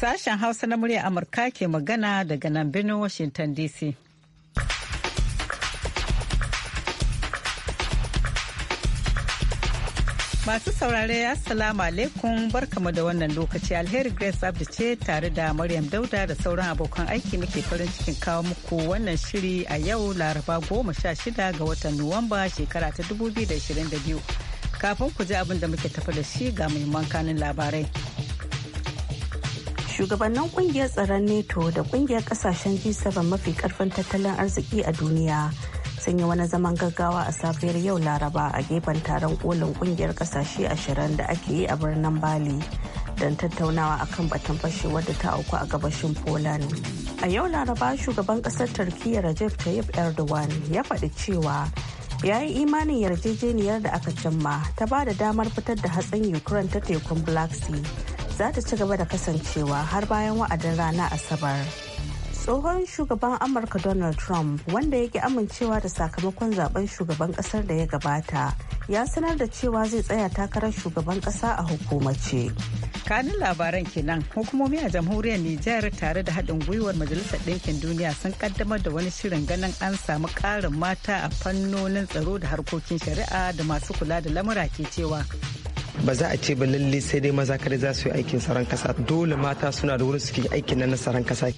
Sashen Hausa na murya Amurka ke magana daga nan birnin Washington DC. Masu saurare Assalamu alaikum barkamu da wannan lokaci alheri Grace Abdi ce tare da Maryam Dauda da sauran abokan aiki muke farin cikin kawo muku wannan shiri a yau Laraba goma sha shida ga watan Nuwamba shekara ta 2022. Kafin ku ji abin da muke tafi da shi ga muhimman kanin labarai. shugabannin kungiyar tsaron neto da kungiyar kasashen g7 mafi karfin tattalin arziki a duniya sun yi wani zaman gaggawa a safiyar yau laraba a gefen taron kolin kungiyar kasashe ashirin da ake yi a birnin bali don tattaunawa a kan batun fashewar da ta auku a gabashin poland a yau laraba shugaban kasar turkiyya rajab tayyip erdogan ya faɗi cewa ya yi imanin yarjejeniyar da aka cimma ta ba da damar fitar da hatsin ukraine ta tekun black sea za ta ci gaba da kasancewa har bayan wa'adin rana asabar tsohon shugaban amurka donald trump wanda yake amincewa da sakamakon zaben shugaban kasar da ya gabata ya sanar da cewa zai tsaya takarar shugaban kasa a hukumace kanin labaran kenan hukumomi a jamhuriyar Nijar tare da haɗin gwiwar majalisar ɗinkin duniya sun kaddamar da wani shirin ganin an samu ƙarin mata a fannonin tsaro da harkokin shari'a da masu kula da lamura ke cewa ba za a ce ba lalle sai dai maza kada za su yi aikin tsaron kasa dole mata suna da wurin suke aikin nan na tsaron kasa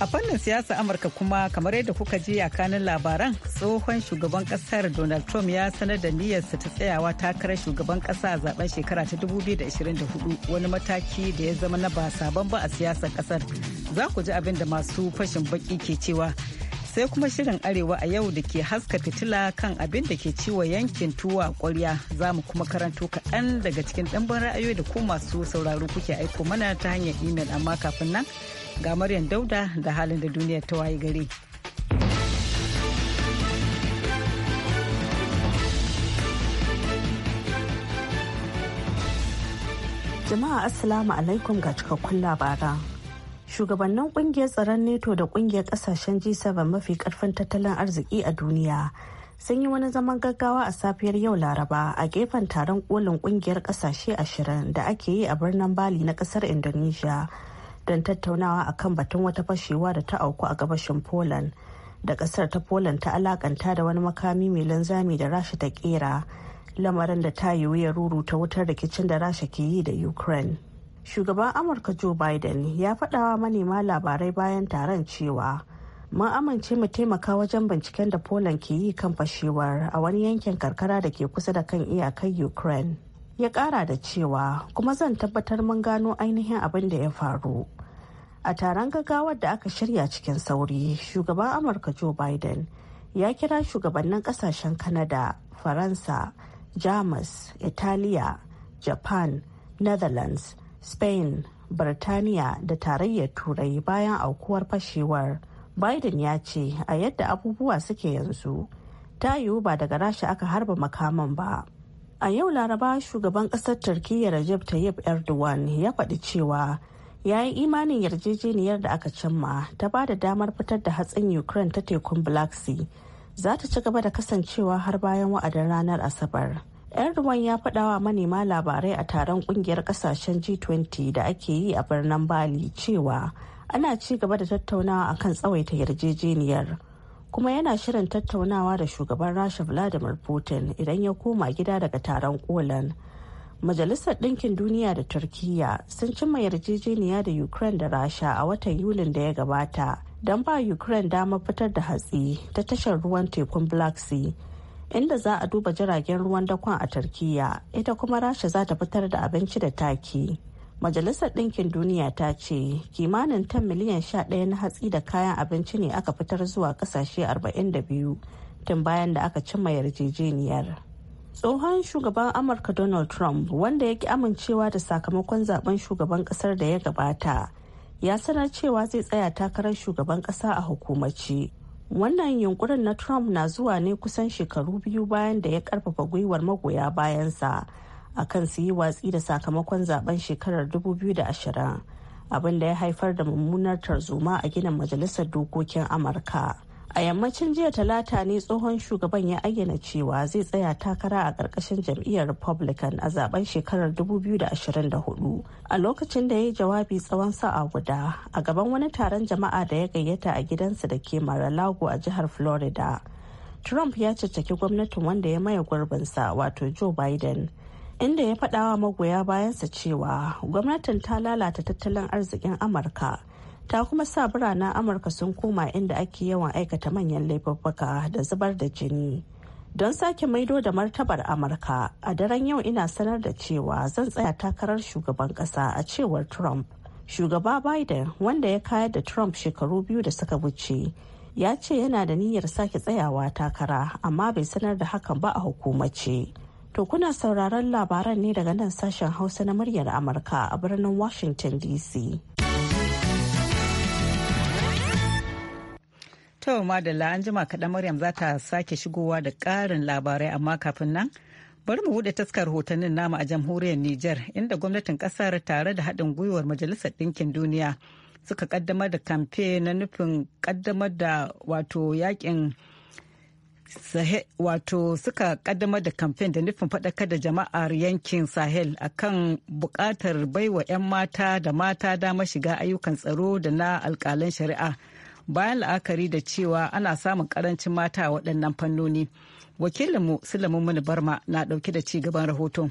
a fannin siyasa amurka kuma kamar yadda kuka ji a kanin labaran tsohon shugaban kasar donald trump ya sanar da niyyarsa ta tsayawa takarar shugaban kasa a zaben shekara ta 2024 wani mataki da ya zama na ba sabon ba a siyasar kasar za ku ji abin da masu fashin baki ke cewa sai kuma shirin arewa a yau da ke haska fitila kan abin da ke ciwo yankin tuwa kwarya za mu kuma karanto kaɗan daga cikin ɗanban ra'ayoyi da ko masu sauraro kuke aiko mana ta hanyar imel amma kafin nan ga maryam dauda da halin da duniya ta waye gari. jama'a assalamu alaikum ga cikakkun labara shugabannin kungiyar tsaron neto da kungiyar kasashen g7 mafi karfin tattalin arziki a duniya sun yi wani zaman gaggawa a safiyar yau laraba a gefen taron kolin kungiyar kasashe ashirin da ake yi a birnin bali na kasar indonesia don tattaunawa a kan batun wata fashewa da ta auku a gabashin poland da kasar ta poland ta alakanta da wani makami mai linzami da rasha ta kera lamarin da ta yiwu ya ruruta wutar rikicin da rasha ke yi da ukraine shugaban amurka joe biden ya faɗawa manema labarai bayan taron cewa mun amince mu taimaka wajen binciken da poland ke yi kan fashewar a wani yankin karkara da ke kusa da kan iyakar ukraine ya ƙara da cewa kuma zan tabbatar mun gano ainihin abin da ya faru a taron gaggawar da aka shirya cikin sauri shugaban amurka joe biden ya kira shugabannin kasashen Kanada, faransa jamus italiya japan netherlands spain birtaniya da tarayyar turai bayan aukuwar fashewar biden ya ce a yadda abubuwa suke yanzu ta yiwu ba daga rasha aka harba makaman ba a yau laraba shugaban kasar turkiyya rajab tayyip erdogan ya faɗi cewa ya yi imanin yarjejeniyar da aka cimma ta ba da damar fitar da hatsin ukraine ta tekun black sea za ta ci gaba da kasancewa har bayan wa'adin ranar asabar Erdogan ya faɗawa manema labarai a taron ƙungiyar ƙasashen G20 da ake yi a birnin Bali cewa ana ci gaba da tattaunawa a kan tsawaita yarjejeniyar. kuma yana shirin tattaunawa da shugaban rasha vladimir putin idan ya koma gida daga taron kolan majalisar ɗinkin duniya da Turkiyya sun cimma yarjejeniya da ukraine da rasha a watan yulin da ya gabata don ba ukraine dama fitar da hatsi ta tashar ruwan tekun black sea inda za a duba jiragen ruwan dakon a turkiyya ita kuma rasha za ta fitar da abinci da taki majalisar ɗinkin duniya ta ce kimanin tan miliyan sha 11 na hatsi da kayan abinci ne aka fitar zuwa ƙasashe biyu tun bayan da aka cimma yarjejeniyar tsohon shugaban amurka donald trump wanda ya ki amincewa da sakamakon zaben shugaban kasar da ya gabata ya sanar cewa zai tsaya takarar shugaban kasa a hukumaci wannan yunkurin na trump na zuwa ne kusan shekaru biyu bayan da ya karfafa gwiwar magoya bayansa akan kan su yi watsi da sakamakon zaben shekarar 2020 abin da ya haifar da mummunar tarzoma a ginin majalisar dokokin amurka a yammacin jiya talata ne tsohon shugaban ya ayyana cewa zai tsaya takara a ƙarƙashin jam'iyyar republican a zaben shekarar 2024 a lokacin da ya yi jawabi tsawon sa'a guda a gaban wani taron jama'a da ya gayyata a gidansa da ke mar lago a jihar florida trump ya caccaki gwamnatin wanda ya maye gurbinsa wato joe biden inda ya faɗawa magoya bayansa cewa gwamnatin ta lalata tattalin arzikin amurka ta kuma sa biranen amurka sun koma inda ake yawan aikata manyan laifuffuka da zubar da jini don sake maido da martabar amurka a daren yau ina sanar da cewa zan tsaya takarar shugaban kasa a cewar trump shugaba biden wanda ya kayar da trump shekaru biyu da suka wuce ya ce yana da niyyar sake tsayawa takara amma bai sanar da hakan ba a hukumace to kuna sauraron labaran ne daga nan sashen hausa na muryar amurka a birnin washington dc To madalla an jima kaɗan Maryam za ta sake shigowa da ƙarin labarai amma kafin nan bari mu buɗe taskar hotonin namu a jamhuriyar Nijar inda gwamnatin ƙasar tare da haɗin gwiwar Majalisar Ɗinkin Duniya suka ƙaddamar da kamfe na nufin ƙaddamar da wato yakin wato suka kaddamar da kamfen da nufin faɗakar da jama'ar yankin sahel akan buƙatar baiwa 'yan mata da mata damar shiga ayyukan tsaro da na alƙalan shari'a bayan la'akari da cewa ana samun karancin mata a waɗannan fannoni wakilinmu sulamun mini barma na ɗauke da ci gaban rahoton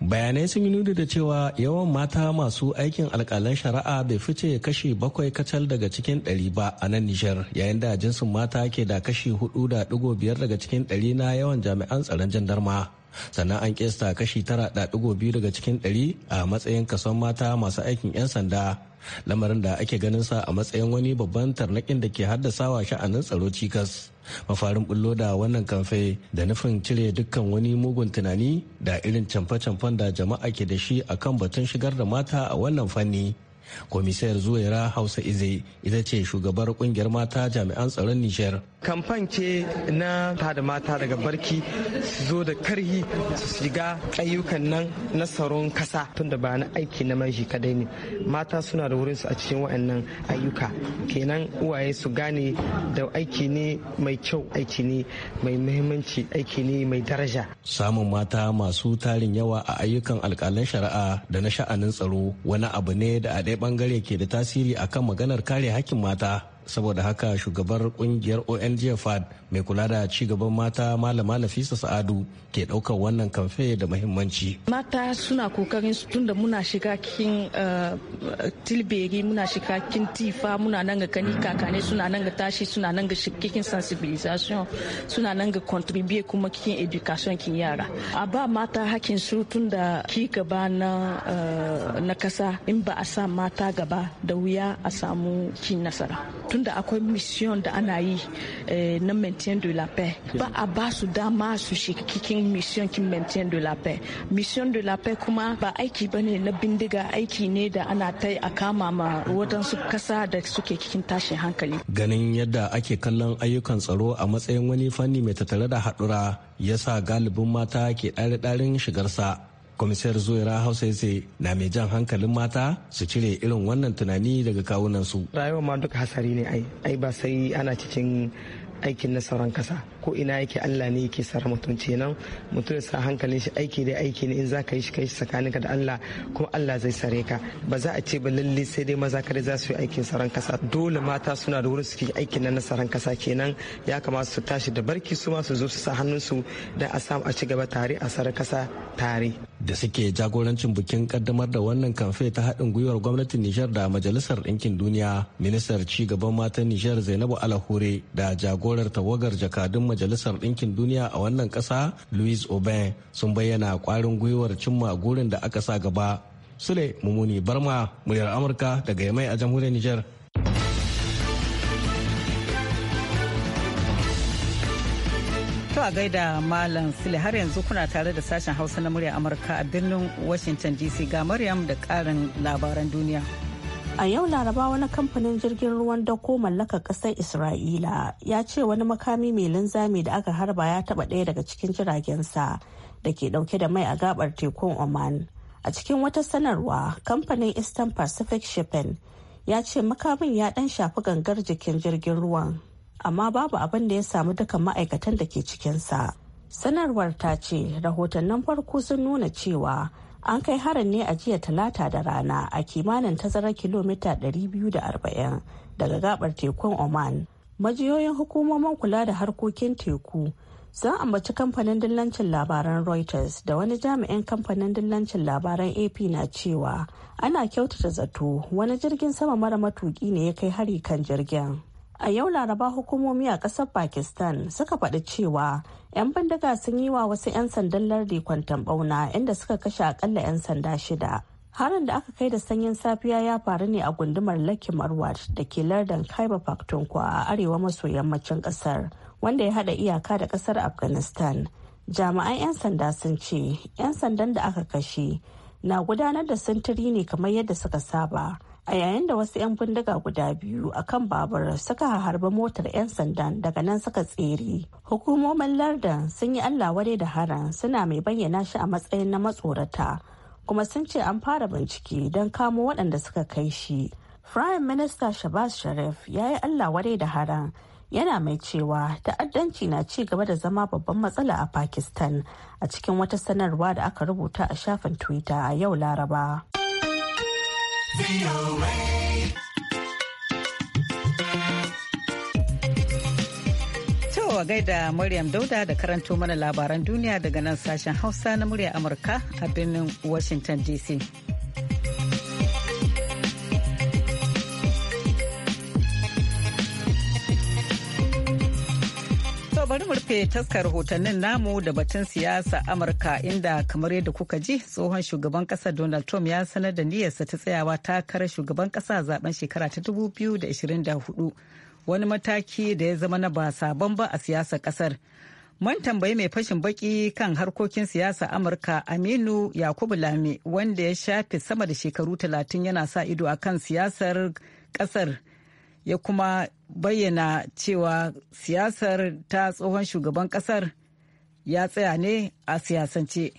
bayanai sun yi nuni da cewa yawan mata masu aikin alkalan shari'a bai fice kashi bakwai kacal daga cikin ɗari ba a nan nijar yayin da jinsin mata ke da kashi hudu da digo biyar daga cikin ɗari na yawan jami'an tsaron jandarma sannan an kesta kashi tara da biyu daga cikin ɗari a matsayin kason mata masu aikin 'yan sanda lamarin da ake ganin sa a matsayin wani babban tarnakin da ke haddasawa sha'anin tsaro cikas mafarin bullo da wannan kamfe da nufin cire dukkan wani mugun tunani da irin camfe-camfen da jama'a ke da shi a kan batun shigar da mata a wannan fanni komisayar zuwaira hausa ize ita ce shugabar kungiyar mata jami'an tsaron nijar kamfan ce na da mata daga barki su zo da karhi su shiga ayyukan nan na tsaron kasa tunda ba na aiki na maji kadai ne mata suna da wurinsu a cikin wa'annan ayyuka kenan uwaye su gane da aiki ne mai kyau aiki ne mai muhimmanci aiki ne mai daraja samun mata masu tarin yawa a ayyukan alkalan shari'a da na sha'anin tsaro wani abu ne da a ɗaya bangare ke da tasiri akan maganar kare hakkin mata saboda haka shugabar kungiyar ong fad mai kula da cigaban mata malama nafisa sa'adu ke daukar wannan kamfe da mahimmanci mata suna kokarin su tunda muna shiga kin eh, tilberi muna shiga kin tifa muna nan ga kani kakane suna nan ga tashi suna nan ga sensibilisation suna nan ga contribute kuma cikin education kin yara a ba mata hakin su tunda ki gaba eh, na kasa in ba a sa mata gaba da wuya a samu kin nasara tunda akwai mission da ana yi eh, na maintain de la paix ba a ba su dama su shiga kikin mission kin maintain de la paix mission de la paix kuma ba aiki bane na bindiga aiki ne da ana ta a kama ma wadansu kasa da suke kikin tashin hankali ganin yadda ake kallon ayyukan tsaro a matsayin wani fanni mai tattare da haɗura ya sa galibin mata ke ɗare-ɗaren shigarsa kwamisiyar zuwaira hausa ya ce na mai jan hankalin mata su cire irin wannan tunani daga kawunan su rayuwar ma duka hasari ne ai ba sai ana cikin aikin nasarar sauran kasa ko ina yake Allah ne yake sara mutum kenan mutum sa hankalin shi aiki dai aiki ne in za ka yi shi kai shi tsakaninka da Allah kuma Allah zai sare ka ba za a ce ba lalle sai dai maza kadai za su yi aikin saran kasa dole mata suna da wurin suke aikin na saran kasa kenan ya kamata su tashi da barki su ma su zo su sa hannun su da a samu a ci gaba tare a saran kasa tare da suke jagorancin bikin kaddamar da wannan kamfe ta haɗin gwiwar gwamnatin Nijar da Majalisar Ɗinkin Duniya ministar ci gaban matan Nijar Zainabu Alahure da jagorar tawagar jakadun majalisar ɗinkin duniya a wannan ƙasa louis aubin sun bayyana kwarin gwiwar cimma gurin da aka sa gaba sule mumuni barma muryar amurka daga yamai a jamhuriyar niger to a gaida Malam Sule har yanzu kuna tare da sashen Hausa na murya Amurka a birnin Washington DC ga Maryam da ƙarin labaran duniya. A yau laraba wani kamfanin jirgin ruwan dako mallakar ƙasar Isra'ila ya ce wani makami mai linzami da aka harba ya taɓa ɗaya daga cikin jiragensa da ke ɗauke da mai a gabar tekun Oman. A cikin wata sanarwa, kamfanin Eastern Pacific Shipping ya ce makamin ya ɗan shafi gangar jikin jirgin ruwan, amma babu abin da ya samu duka ma'aikatan da ke cikinsa. Sanarwar ta ce rahotannin farko sun nuna cewa an kai harin ne a jiya talata da rana a kimanin tazarar kilomita 240 daga gabar tekun oman majiyoyin hukumomin kula da harkokin teku sun ambaci kamfanin dillancin labaran reuters da wani jami'in kamfanin dillancin labaran ap na cewa ana kyautata zato wani jirgin sama mara matuki ne ya kai hari kan jirgin A yau Laraba hukumomi a ƙasar Pakistan suka faɗi cewa 'yan bindiga sun yi wa wasu 'yan sandan lardi kwantan bauna inda suka kashe akalla 'yan sanda shida. Harin da aka kai da sanyin safiya ya faru ne a gundumar Lucky Marwat da ke lardin Kaiba Pakhtunkhwa a arewa maso yammacin ƙasar wanda ya haɗa iyaka da ƙasar Afghanistan. Jami'an 'yan sanda sun ce 'yan sandan da aka kashe na gudanar da sintiri ne kamar yadda suka saba a yayin da wasu 'yan bindiga guda biyu a kan babur suka harba motar 'yan sandan daga nan suka tsere hukumomin lardan sun yi allah wadai da haran suna mai bayyana shi a matsayin na matsorata kuma sun ce an fara bincike don kamo waɗanda suka kai shi prime Minista shabazz sharif ya yi allah wadai da haran yana mai cewa ta'addanci na ci gaba da zama babban matsala a pakistan a cikin wata sanarwa da aka rubuta a shafin twitter a yau laraba To gaida Maryam Dauda da karanto mana labaran duniya daga nan sashen Hausa na murya Amurka a birnin Washington DC. To bari mu rufe taskar rahotannin namu da batun siyasa Amurka inda kamar yadda kuka ji tsohon shugaban kasa Donald Trump ya sanar da niyyarsa ta tsayawa takarar shugaban kasa zaben shekara ta 2024 wani mataki da ya zama na ba sabon ba a siyasar kasar. Man tambayi mai fashin baki kan harkokin siyasa Amurka Aminu Yakubu Lame wanda ya shafe sama da shekaru 30 yana sa ido a kan siyasar kasar. ya kuma bayyana cewa siyasar ta tsohon shugaban kasar ya tsaya ne a siyasance.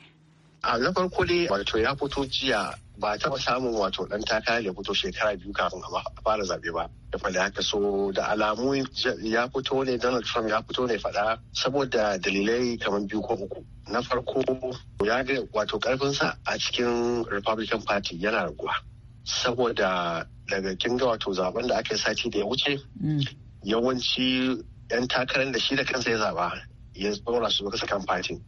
a na farko dai wato ya fito jiya ba ta samun wato dan takara ya fito shekara biyu kafin a fara zaɓe ba da fada haka so da alamu ya fito ne donald trump ya fito ne faɗa saboda dalilai kamar biyu ko uku na farko ya ga wato ƙarfinsa a cikin republican party yana raguwa saboda daga kin ga wato zaben da aka sati da ya wuce mm. yawanci yan takarar da shi da kansa ya zaba ya zaura su kasa kan fatin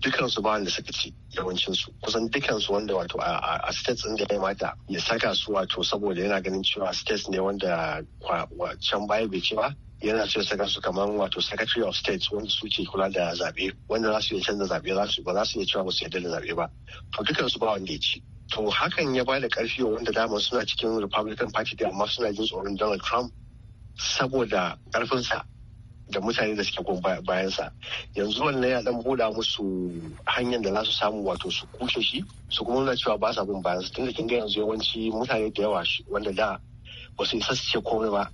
dukansu ba da suka ci yawancinsu kusan dukansu wanda wato a states ɗin da ya mata ya saka su wato saboda yana ganin cewa states ne wanda kwa can baya bai ci ba yana so ya saka su kamar wato secretary of state wanda su ke kula da zaɓe wanda za su iya canza zaɓe za su ba za su iya cewa ba su yarda da zaɓe ba to dukansu ba wanda ya ci to hakan ya ba da karfi wa wanda dama suna cikin republican party da amma suna jin tsoron donald trump saboda karfinsa da mutane da suke gun bayansa yanzu wannan ya dan buda musu hanyar da za su samu wato su kushe shi su kuma nuna cewa ba sa bin bayansa tun da kin ga yanzu yawanci mutane da yawa wanda da ba su isa su ce komai ba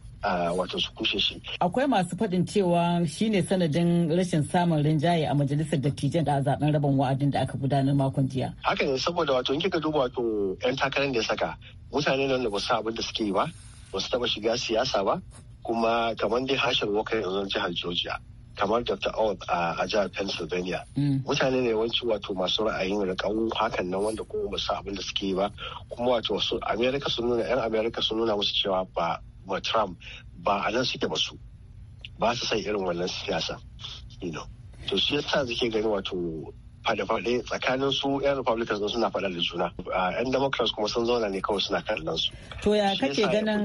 wato su kushe shi. Akwai masu faɗin cewa shi ne sanadin rashin samun rinjaye a majalisar dattijan da a zaben rabon wa'adin da aka gudanar makon jiya. Haka ne saboda wato in kika duba wato 'yan takarar da ya saka mutane nan da ba su abin da suke yi ba ba su taɓa shiga siyasa ba kuma kamar dai harshen wakar yanzu jihar Georgia. kamar Dr. Old a jihar Pennsylvania. Mm. Mutane ne yawanci wato masu ra'ayin rikawu hakan nan wanda kuma ba su abin da suke ba. Kuma wato Amerika sun nuna 'yan Amerika sun nuna musu cewa ba ba Trump ba a nan suke ba su ba su sai irin wannan siyasa you know to shi yasa suke gani wato fada fada tsakanin su 'yan republicans suna faɗa da juna 'yan democrats kuma sun zauna ne kawai suna kallon su to ya kake ganin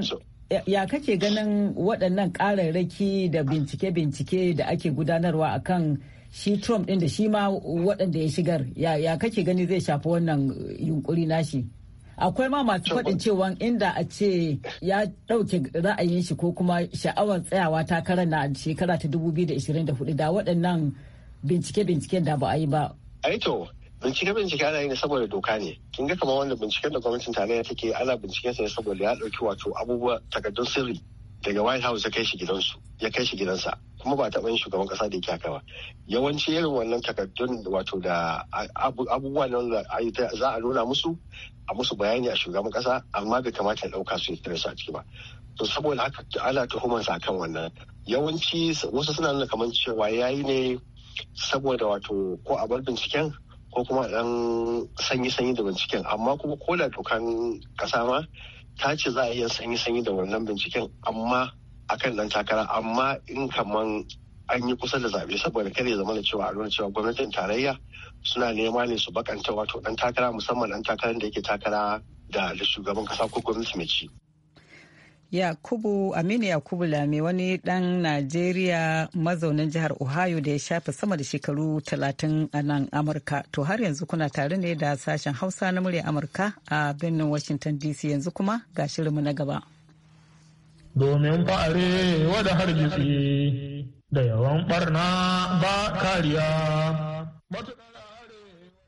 ya kake ganin waɗannan ƙararraki da bincike-bincike da ake gudanarwa akan shi trump ɗin da shi ma waɗanda ya shigar ya kake gani zai shafi wannan yunkuri nashi akwai ma masu faɗin cewa inda a ce ya ɗauke ra'ayin shi ko kuma sha'awar tsayawa takarar na shekara ta 2024 da waɗannan bincike-binciken da ba a yi ba. Aito, bincike-bincike ana yi ne saboda doka ne. Kin ga kamar wanda binciken da gwamnatin tarayya take ana bincike sai saboda ya ɗauki wato abubuwa takardun sirri daga white house ya kai shi gidansu ya kai shi gidansa kuma ba taɓa yin shugaban kasa da yake haka ba yawanci irin wannan takardun wato da na da za a nuna musu a musu bayani a shugaban kasa amma bai kamata ya ɗauka su ya a ciki ba to saboda haka ana tuhumarsa kan wannan yawanci wasu suna nuna kamar cewa yayi ne saboda wato ko a bar binciken ko kuma dan sanyi-sanyi da binciken amma kuma ko da dokan kasa ma ta ce za a iya sanyi-sanyi da wannan binciken amma a kan dan takara amma in kaman an yi kusa da zaɓe saboda kare ya zama da cewa a nuna cewa gwamnatin tarayya suna nema ne su bakanta wato dan takara musamman dan takarar da yake takara da shugaban kasa ko gwamnati mai ci. Yakubu Aminu Yakubu Lame wani dan Najeriya mazaunin jihar Ohio da ya shafe sama da shekaru talatin a nan Amurka. To har yanzu kuna tare ne da sashen Hausa na murya Amurka a birnin Washington DC yanzu kuma ga shirinmu na gaba. Domin fa'are wada hargitsi da yawan barna ba kariya.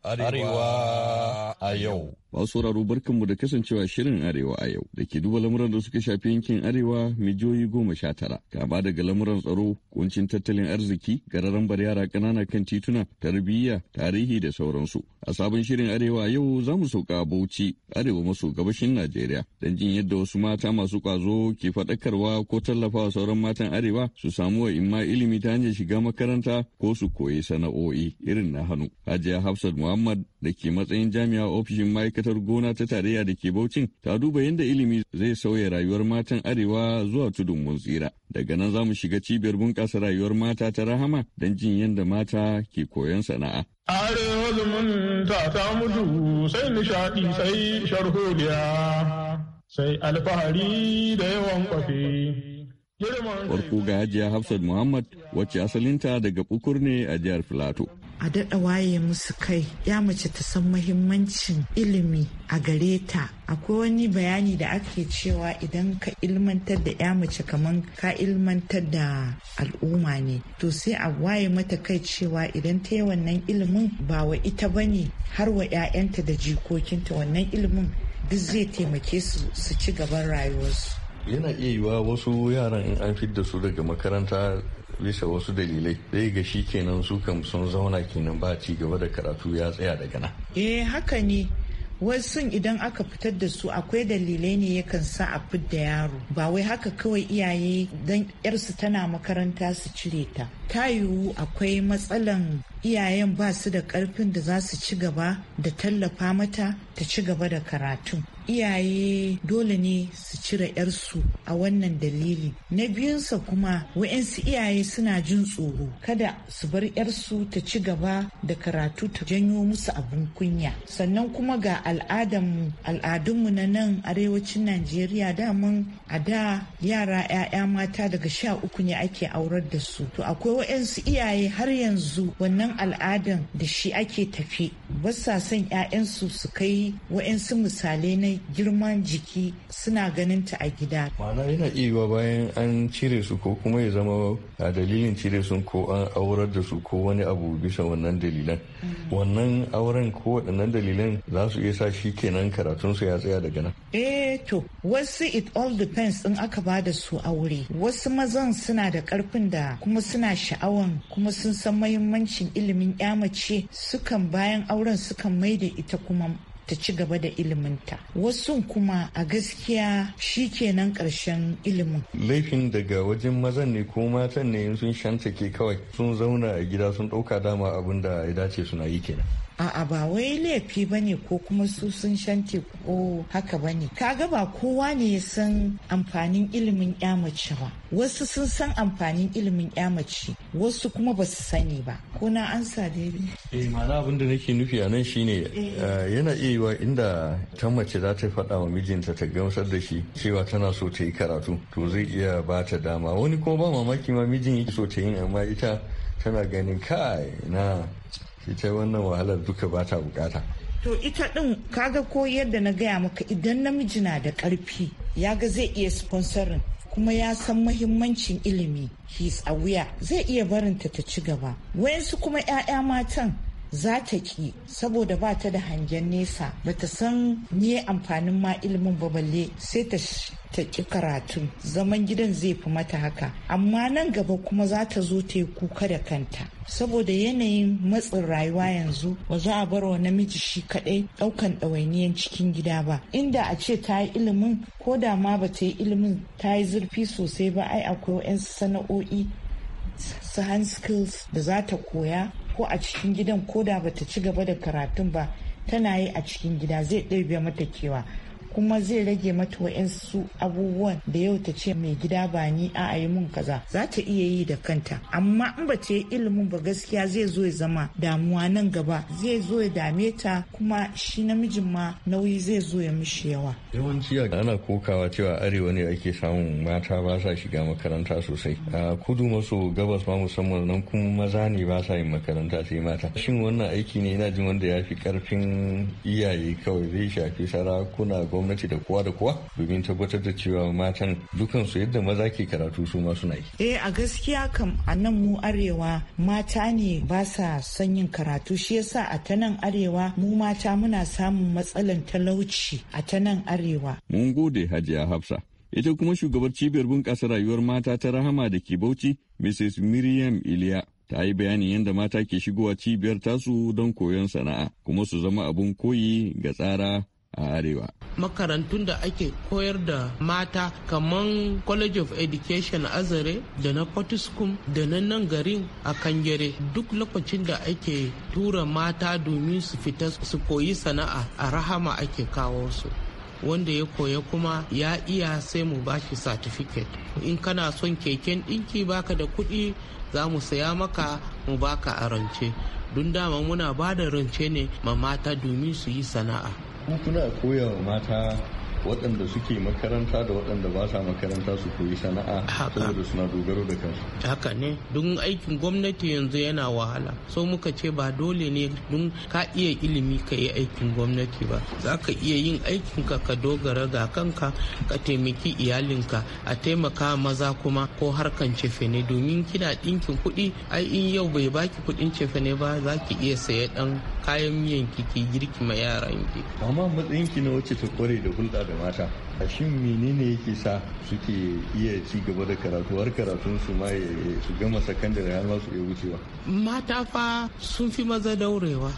Arewa a yau. wasu sauraro barkanmu da kasancewa shirin Arewa a yau da ke duba lamuran da suka shafi yankin Arewa mijoyi goma sha tara. Kama daga lamuran tsaro, kuncin tattalin arziki, gararan bar yara ƙanana kan tituna, tarbiyya, tarihi da sauransu. A sabon shirin Arewa a yau za mu sauka Bauchi, Arewa maso gabashin Najeriya. Don jin yadda wasu mata masu ƙwazo ke faɗakarwa ko tallafawa sauran matan Arewa su samu wa imma ilimi ta hanyar shiga makaranta ko su koyi sana'o'i irin na hannu. Hajiya Hafsat Muhammad da ke matsayin jami'a ofishin ma'aikata ma'aikatar gona ta tarayya da ke Bauchin ta duba yadda ilimi zai sauya rayuwar matan arewa zuwa tudun mun tsira. Daga nan za mu shiga cibiyar bunƙasa rayuwar mata ta rahama don jin yadda mata ke koyon sana'a. Arewa zumunta ta mutu sai nishaɗi sai sharholiya sai alfahari da yawan kwafi. Farko ga Hajiya Hafsat Muhammad wacce asalinta daga Bukur ne a jihar Filato. a daɗa waye musu kai ya mace ta san mahimmancin ilimi a gare ta akwai wani bayani da ake cewa idan ka ilmantar da ya mace kamar ka ilmantar da al'umma ne to sai a waye mata kai cewa idan ta yi wannan ilimin ba wa ita ba ne, har wa 'ya'yanta da jikokinta wannan ilimin duk zai taimake su su ci gaban rayuwarsu yana iya yiwa wasu yaran in an fidda su daga makaranta bisa wasu dalilai zai ga shi kenan su kam sun zauna kenan ba ci gaba da karatu ya tsaya daga nan eh haka ne wasu idan aka fitar da su akwai dalilai ne yakan sa a fidda yaro ba wai haka kawai iyaye dan yarsu tana makaranta su cire ta ta yiwu akwai matsalan iyayen ba su da karfin da za su ci gaba da tallafa mata ta ci gaba da karatu iyaye dole ne su cire 'yarsu a wannan dalili na biyunsa kuma wa'yansu iyaye suna jin tsoro kada su bar 'yarsu ta ci gaba da karatu ta janyo musu abin kunya sannan kuma ga al'adunmu al'adunmu na nan arewacin najeriya daman a da yara 'ya'ya mata daga sha uku ne ake aurar da su to akwai wa'yansu iyaye har yanzu wannan al'adan da shi ake tafi ba sa son 'ya'yansu su kai wa'yansu misalai na girman jiki suna ganin ta a gida. Ma'ana yana iya bayan an cire su ko kuma ya zama a dalilin cire su ko an aurar da su ko wani abu bisa wannan dalilan. Mm. Wannan auren ko waɗannan dalilan za su iya sa shi kenan karatun su ya tsaya daga nan. Eh to wasu it all depends in aka ba da su aure. Wasu mazan suna da karfin da kuma suna sha'awan kuma sun san mahimmancin ilimin ya mace sukan bayan auren sukan mai da ita kuma ta ci gaba da iliminta wasu kuma a gaskiya shi kenan ƙarshen ilimin laifin daga wajen mazan ne ko matan ne sun shanta ke kawai sun zauna a gida sun ɗauka dama abin da ya dace suna yi kenan a'a ba wai laifi ba ne ko kuma su sun shanti ko haka ne, kaga ba kowa ne ya san amfanin ilimin ya mace ba wasu sun san amfanin ilimin ya mace wasu kuma ba su sani ba ko na an ansa daidai eh ma'ana abin da nake nufi a nan shine eh. Eh, yana iya yiwa inda ta mace za ta faɗa wa mijinta ta gamsar da shi cewa tana so ta yi karatu to zai iya ba ta dama wani kuma ba mamaki ma mijin yake so ta yi amma ita tana ganin kai na ita wannan wahalar duka ba ta bukata to ita din kaga ko yadda na gaya maka idan namiji na da karfi ya ga zai iya sponsorin kuma ya san mahimmancin ilimi a wuya zai iya barinta ta ci gaba wayansu kuma 'ya'ya matan za ta ki saboda ba ta da hangen nesa ba ta san ni amfanin ma ilimin ba balle sai ta ta ki karatu zaman gidan zai fi mata haka amma nan gaba kuma za ta zo ta yi kuka da kanta saboda yanayin matsin rayuwa yanzu ba za a bar wa namiji shi kadai daukan ɗawainiyan cikin gida ba inda a ce ta yi ilimin ko da ma ba ta yi ilimin ta yi zurfi sosai ba ai akwai wayansu sana'o'i su hand skills da za ta koya ko a cikin gidan ko da bata ci gaba da karatun ba tana yi a cikin gida zai ɗaya mata kewa kuma zai rage mata wa'insu abubuwan da yau ta ce mai gida ba ni a ayi mun kaza za ta iya yi da kanta amma in ba ta yi ilimin ba gaskiya zai zo ya zama damuwa nan gaba zai zo ya dame ta kuma shi namijin ma nauyi zai zo ya mishi yawa yawanci ana kokawa cewa arewa ne ake samun mata ba sa shiga makaranta sosai a kudu maso gabas ba musamman nan kuma maza ne ba sa yin makaranta sai mata shin wannan aiki ne ina jin wanda ya fi karfin iyaye kawai zai shafi sarakuna gwamnati gwamnati da kowa da kowa domin tabbatar da cewa matan dukansu yadda maza ke karatu su ma suna yi. Eh a gaskiya kam a nan mu arewa mata ne ba sa son yin karatu shi yasa a ta nan arewa mu mata muna samun matsalan talauci a ta nan arewa. Mun gode Hajiya Hafsa. Ita kuma shugabar cibiyar bunƙasa rayuwar mata ta rahama da ke Bauchi, Mrs. Miriam Iliya. ta yi bayanin yadda mata ke shigowa cibiyar tasu don koyon sana'a kuma su zama abun koyi ga tsara a arewa makarantun da ake koyar da mata kaman college of education azare da na potiskum da na nan garin a kangere duk lokacin da ake tura mata domin su fita su koyi sana'a a rahama ake kawo su wanda ya koya kuma ya iya sai mu bashi satifiket in kana son keken ɗinki baka da kuɗi za mu saya maka mu baka a rance don dama muna ba da rance ne ma mata domin su yi sana'a kuna koya wa mata waɗanda suke makaranta da waɗanda ba sa makaranta su koyi sana'a saboda suna dogaro da kansu. Haka ne, don aikin gwamnati yanzu yana wahala. So muka ce ba dole ne don ka iya ilimi ka yi aikin gwamnati ba. Za ka iya yin aikinka ka dogara ga kanka ka taimaki iyalinka a taimaka maza kuma ko harkan cefene domin kina ɗinkin kuɗi ai in yau bai baki kuɗin cefene ba za ki iya saye ɗan kayan miyan ki girki ma yaran ki amma matsayin ki na wacce ta kware da hulɗa da mata a shin menene yake sa suke iya ci gaba da karatu har karatun su ma su gama sakandare har ma su iya wucewa mata fa sun fi maza daurewa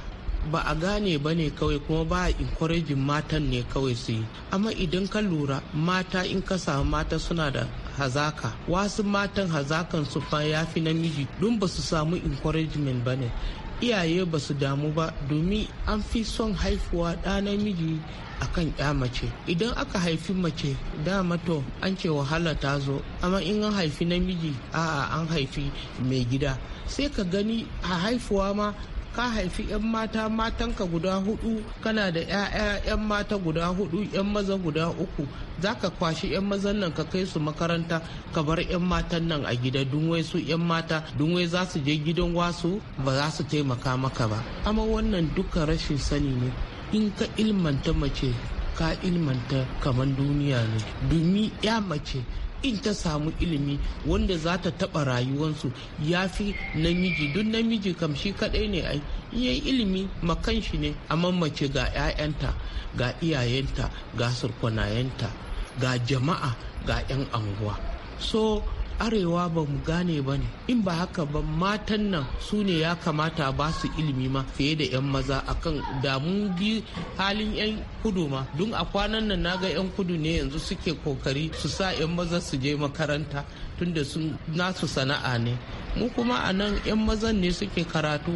ba a gane ba ne kawai kuma ba a encouraging matan ne kawai su yi amma idan ka lura mata in ka samu mata suna da hazaka wasu matan hazakan su fa ya fi namiji don ba su samu encouragement ba ne iyaye ba su damu ba domin an fi son haifuwa ɗa namiji a kan ya mace idan aka haifi mace dama to an ce wahala ta zo amma in an haifi namiji a an haifi mai gida sai ka gani a haifuwa ma ka haifi 'yan mata matanka guda hudu kana da 'ya'ya 'yan mata guda hudu 'yan maza guda uku za ka kwashi 'yan mazan nan ka kai su makaranta ka bar 'yan matan nan a gida dunwai su 'yan mata dunwai za su je gidan wasu ba za su taimaka maka ba amma wannan duka rashin sani ne in ka ilmanta mace ka ilmanta kamar duniya ne domin ya mace in ta samu ilimi wanda za ta taɓa rayuwansu ya fi namiji duk namiji kam shi kaɗai ne ai yi ilimi makan shi ne amma mace ga 'ya'yanta ga iyayenta ga surkwanayenta ga jama'a ga 'yan anguwa so arewa ba mu gane ba ne in ba haka ba matan nan su ne ya kamata ba su ilimi ma fiye da 'yan maza akan damun bi halin 'yan kudu ma don a kwanan nan naga 'yan kudu ne yanzu suke kokari su sa 'yan maza su je makaranta tunda su nasu sana'a ne mu kuma a nan 'yan mazan ne suke karatu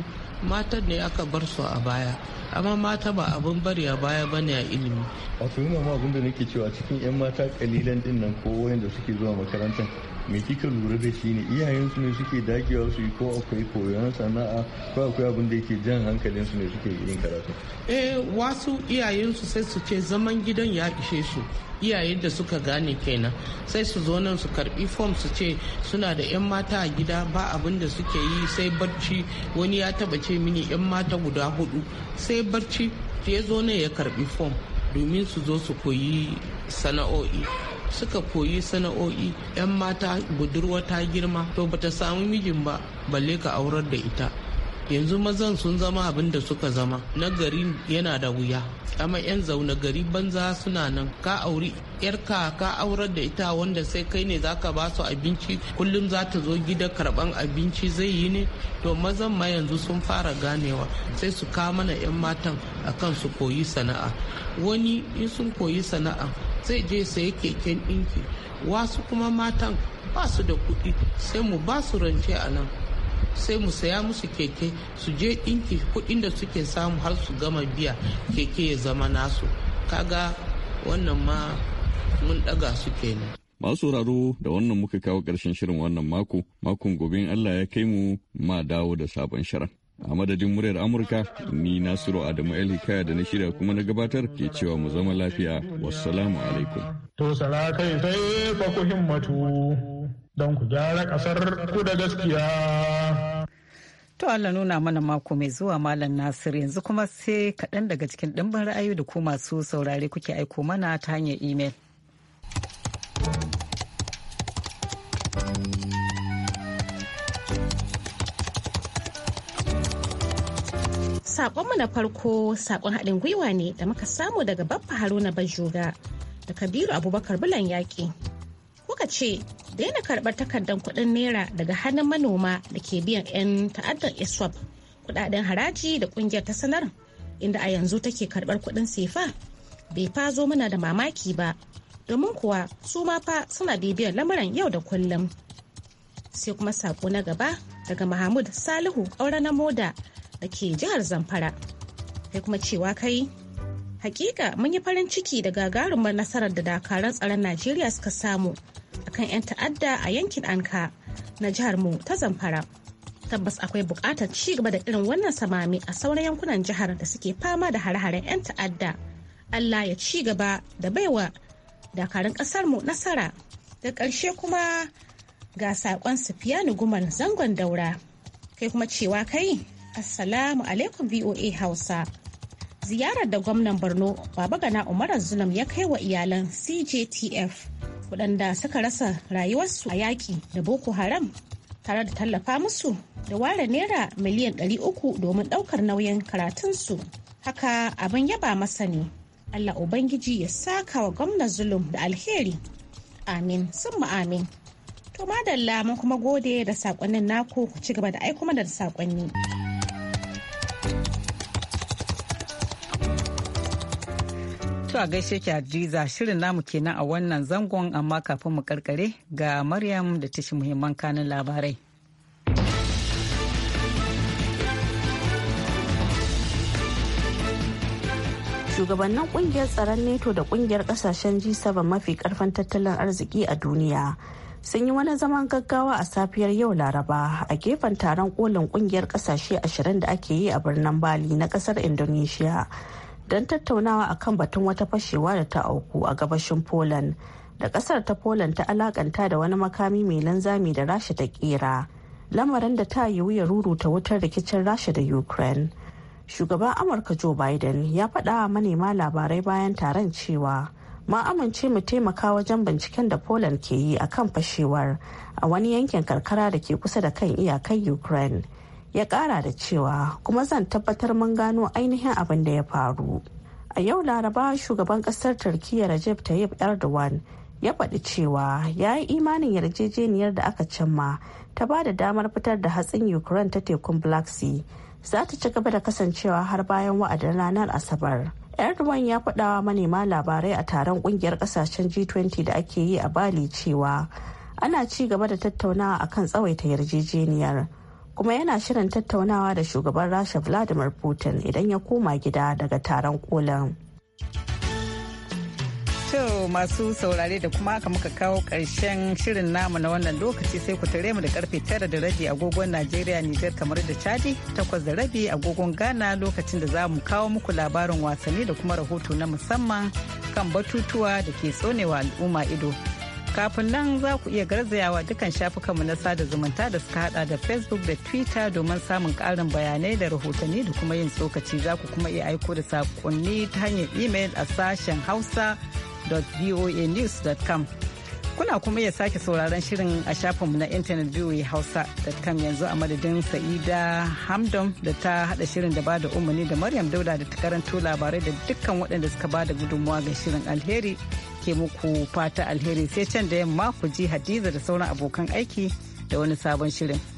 matan ne aka bar su a baya amma mata ba abin bari a baya ba ne a ilimi wato yi abin da nake cewa cikin 'yan mata kalilan din nan ko wayanda suke zuwa makarantar mai kika lura da shi ne iyayensu ne suke dagewa su yi ko akwai koyon sana'a ko akwai abin da yake jan hankalinsu ne suke yin karatu eh wasu iyayensu sai su ce zaman gidan ya ishe su iyayen da suka gane kenan sai su zo nan su karbi fom su ce suna da 'yan mata a gida ba abin da suke yi sai barci wani ya taba ce mini 'yan mata guda hudu sai barci ya zo ne ya karbi fom domin su zo su koyi sana'o'i suka koyi sana'o'i 'yan mata budurwa ta girma to bata samu mijin ba balle ka aurar da ita yanzu mazan sun zama abin da suka zama na gari yana da wuya amma 'yan zaune gari banza suna nan ka auri yarka ka aurar da ita wanda sai kai ne zaka ba su abinci kullum za ta zo gida karban abinci zai yi ne to mazan ma yanzu sun fara ganewa sai su kama mana 'yan matan akan su koyi sana'a wani in sun koyi sana'a zai je saya keken ɗinki wasu kuma matan ba su da kuɗi sai mu ba su rance a nan sai mu saya musu keke su je ɗinki kuɗin da suke samu har su gama biya keke ya zama nasu kaga wannan ma mun ɗaga su kenan masu raro da wannan muka kawo ƙarshen shirin wannan mako makon gobe in allah ya kai mu ma dawo da sabon shirin a madadin muryar amurka ni nasiru adamu el hikaya da na shirya kuma na gabatar ke cewa mu zama lafiya wassalamu alaikum to kai sai fa ku himmatu don ku gyara kasar ku da gaskiya to Allah nuna mana mako mai zuwa malam nasir yanzu kuma sai kaɗan daga cikin ɗimbin ra'ayi da ku masu saurare kuke aiko mana ta hanyar imel. Sakonmu na farko sakon haɗin gwiwa ne da muka samu daga Baffa Haruna Bajoga da Kabiru Abubakar Bulan Yaƙi. Kuka ce daina karɓar takardar kuɗin naira daga hannun manoma da ke biyan 'yan ta'addar eswap kuɗaɗen haraji da ƙungiyar ta sanar inda a yanzu take karɓar kuɗin sefa bai fa zo mana da mamaki ba domin kuwa su ma fa suna bibiyar lamuran yau da kullum. Sai kuma sako na gaba daga Mahmud Salihu aure na moda da ke jihar Zamfara. Kai kuma cewa kai hakika mun yi farin ciki da gagarumar nasarar da dakaran tsaron Najeriya suka samu akan 'yan ta'adda a yankin Anka na jihar mu ta Zamfara. Tabbas akwai buƙatar ci gaba da irin wannan samami a sauran yankunan jihar da suke fama da hare-haren 'yan ta'adda. Allah ya ci gaba da baiwa dakarun ƙasar mu nasara. Da ƙarshe kuma ga saƙon Sufiyanu Gumar zangon daura. Kai kuma cewa kai Assalamu alaikum VOA Hausa. Ziyarar da gwamnan Borno Baba Gana Umar Zulum ya kai wa iyalan CJTF waɗanda suka rasa rayuwarsu a yaƙi da Boko Haram tare da tallafa musu da ware naira miliyan ɗari uku domin ɗaukar nauyin karatunsu. Haka abin yaba masa ne. Allah Ubangiji ya saka wa gwamnan Zulum da alheri. Amin, sun amin. To madalla mun kuma gode da saƙonnin naku ku ci gaba da aiko da saƙonni. To a gaishe ki Hadiza shirin namu kenan a wannan zangon amma kafin mu karkare ga Maryam da tashi muhimman kanin labarai. shugabannin kungiyar tsaron neto da kungiyar kasashen g7 mafi karfin tattalin arziki a duniya sun yi wani zaman gaggawa a safiyar yau laraba a gefen taron kolin kungiyar kasashe 20 da ake yi a birnin bali na kasar indonesia don tattaunawa a kan batun wata fashewa da ta auku a gabashin poland da kasar ta poland ta alakanta da wani makami mai linzami da rasha ta kera lamarin da ta yiwu ya ruruta wutar rikicin rasha da ukraine shugaban amurka joe biden ya faɗa manema labarai bayan taron cewa ma amince mu taimaka wajen binciken da poland ke yi akan fashewar a wani yankin karkara da ke kusa da kan iyakar ukraine ya kara da cewa kuma zan tabbatar mun gano ainihin abin da ya faru a yau laraba shugaban kasar turkiyya rajab tayyip erdogan ya faɗi cewa ya yi imanin yarjejeniyar da aka cimma ta ba da damar fitar da hatsin ukraine ta tekun black sea za ta ci gaba da kasancewa har bayan wa'adin ranar asabar erdogan ya faɗawa manema labarai a taron ƙungiyar ƙasashen g20 da ake yi a bali cewa ana ci gaba da tattaunawa akan tsawaita yarjejeniyar kuma yana shirin tattaunawa da shugaban rasha vladimir putin idan ya koma gida daga taron kolin To masu saurare da kuma aka muka kawo karshen shirin namu na wannan lokaci sai ku tare mu da karfe tara da rabi agogon Najeriya Nijar kamar da Chadi takwas da rabi agogon Ghana lokacin da za mu kawo muku labarin wasanni da kuma rahoto na musamman kan batutuwa da ke tsonewa al'umma ido. kafin nan za ku iya garzayawa dukkan shafukanmu na sada zumunta da suka hada da facebook da twitter domin samun karin bayanai da rahotanni da kuma yin tsokaci za ku kuma iya aiko da sakonni ta hanyar email a sashen hausa.voanews.com kuna kuma iya sake sauraron shirin a shafinmu na intanet voa hausa.com yanzu a madadin sa'ida hamdom da ta hada shirin da bada umarni da maryam dauda da ta karanto labarai da dukkan waɗanda suka ba da gudunmawa ga shirin alheri ke muku fata alheri sai can da yamma ku ji hadiza da sauran abokan aiki da wani sabon shirin.